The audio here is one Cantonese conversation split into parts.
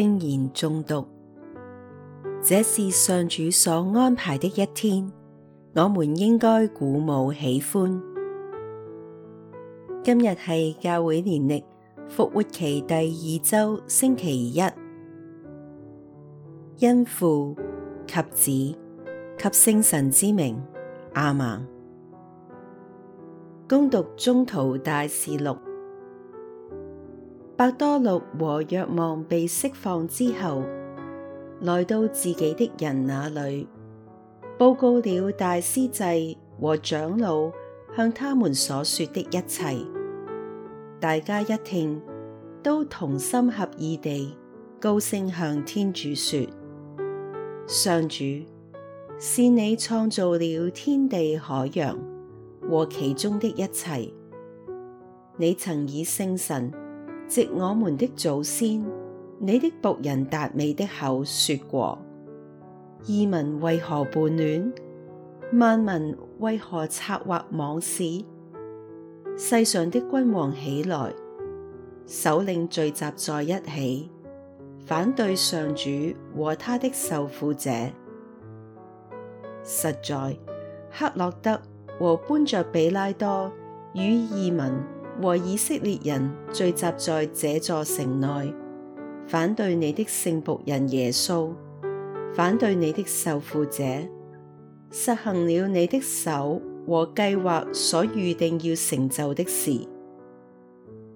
聖言誦讀，這是上主所安排的一天，我們應該鼓舞喜歡。今日係教會年曆復活期第二周星期一，因父及子及聖神之名，阿們。恭讀宗徒大事錄。伯多祿和若望被釋放之後，來到自己的人那裏，報告了大司祭和長老向他們所說的一切。大家一聽，都同心合意地高聲向天主說：上主，是你創造了天地海洋和其中的一切，你曾以聖神。藉我們的祖先，你的僕人達味的口說過：異民為何叛亂？萬民為何策劃妄事？世上的君王起來，首領聚集在一起，反對上主和他的受傅者。實在，黑落德和般雀比拉多與異民。和以色列人聚集在這座城內，反對你的聖僕人耶穌，反對你的受傅者，實行了你的手和計劃所預定要成就的事。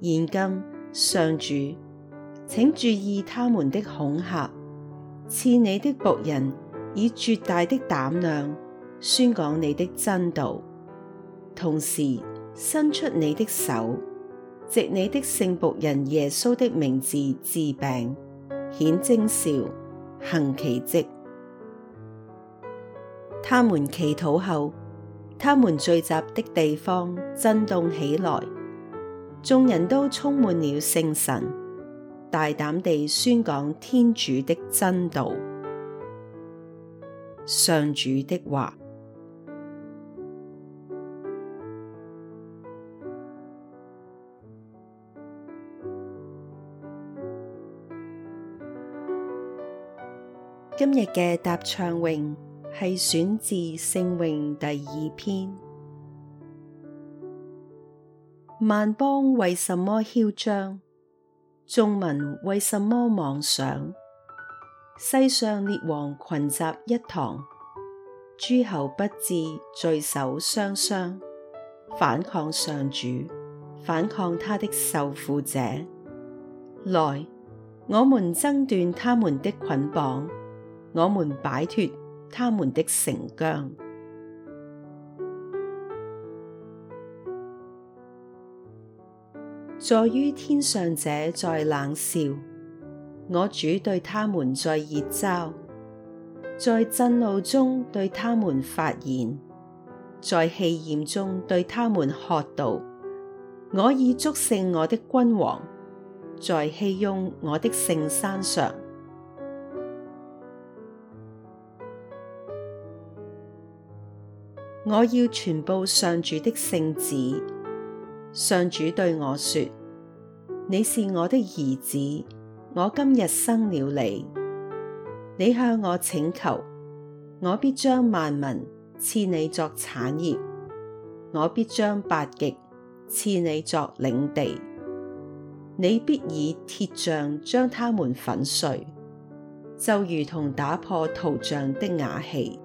現今上主，請注意他們的恐嚇，賜你的僕人以絕大的膽量，宣講你的真道，同時。伸出你的手，藉你的聖僕人耶穌的名字治病、顯徵兆、行奇蹟。他們祈禱後，他們聚集的地方震動起來，眾人都充滿了聖神，大膽地宣講天主的真道。上主的話。今日嘅搭唱詠係選自《聖詠》第二篇。萬邦為什麼囂張？眾民為什麼妄想？世上列王群集一堂，諸侯不治，罪首雙雙反抗上主，反抗他的受苦者。來，我們爭斷他們的捆綁。我們擺脫他們的繩韁。坐於天上者在冷笑，我主對他們在熱嘲，在震怒中對他們發言，在氣焰中對他們喝道：我已祝聖我的君王，在熙雍我的聖山上。我要傳報上主的聖旨。上主對我說：你是我的兒子，我今日生了你。你向我請求，我必將萬民賜你作產業，我必將八極賜你作領地。你必以鐵杖將他們粉碎，就如同打破陶匠的瓦器。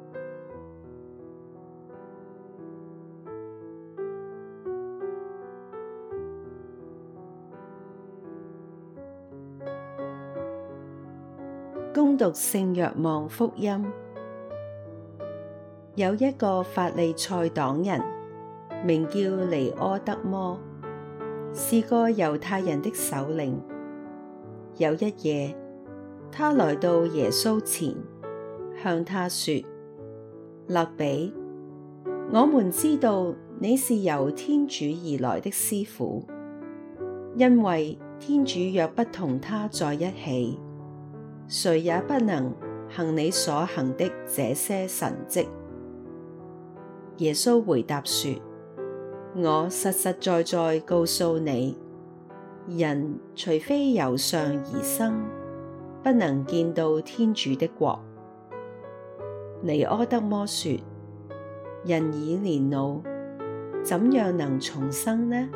讀聖若望福音，有一個法利賽黨人，名叫尼苛德摩，是個猶太人的首領。有一夜，他來到耶穌前，向他說：辣彼，我們知道你是由天主而來的師傅，因為天主若不同他在一起，誰也不能行你所行的這些神迹。耶穌回答說：我實實在在告訴你，人除非由上而生，不能見到天主的國。尼苛德摩說：人已年老，怎樣能重生呢？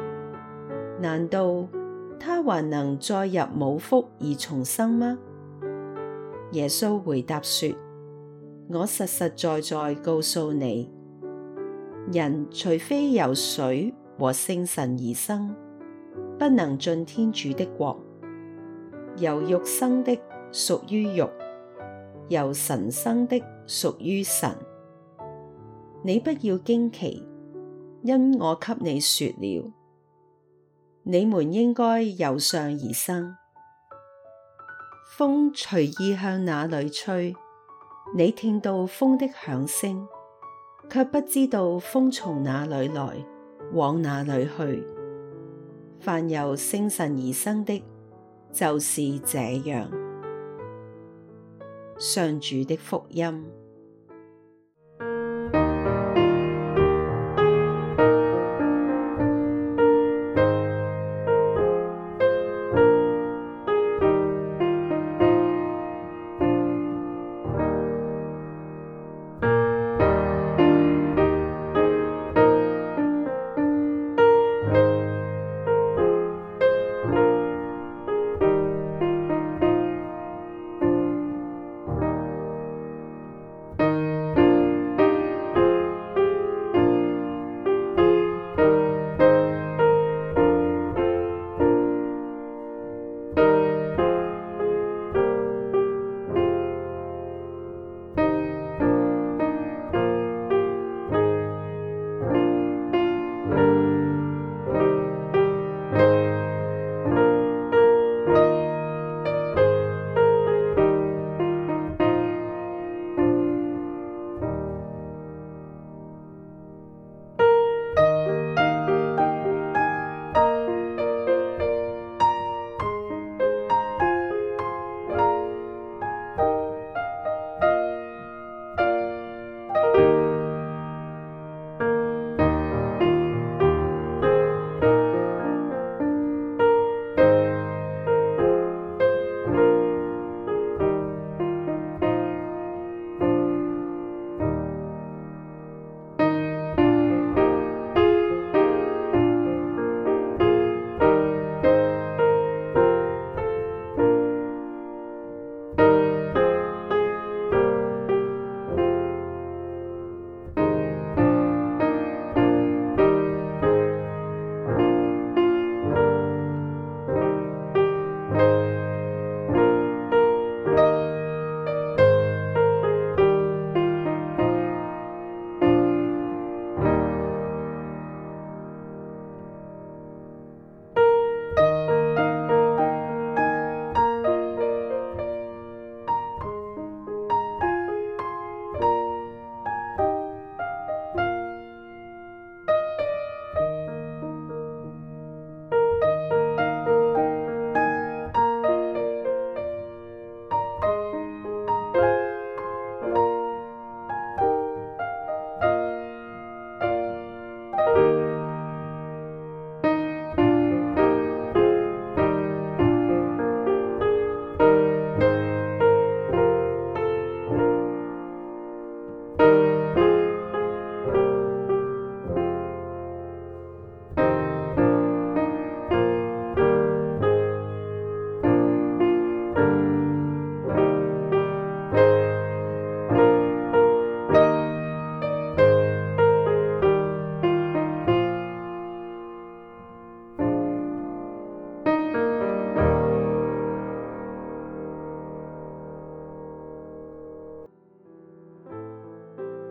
難道他還能再入母腹而重生嗎？耶穌回答說：我實實在在告訴你，人除非由水和聖神而生，不能進天主的國。由肉生的屬於肉，由神生的屬於神。你不要驚奇，因我給你說了，你們應該由上而生。風隨意向哪裏吹，你聽到風的響聲，却不知道風從哪裏來，往哪裏去。凡由聖神而生的，就是這樣。上主的福音。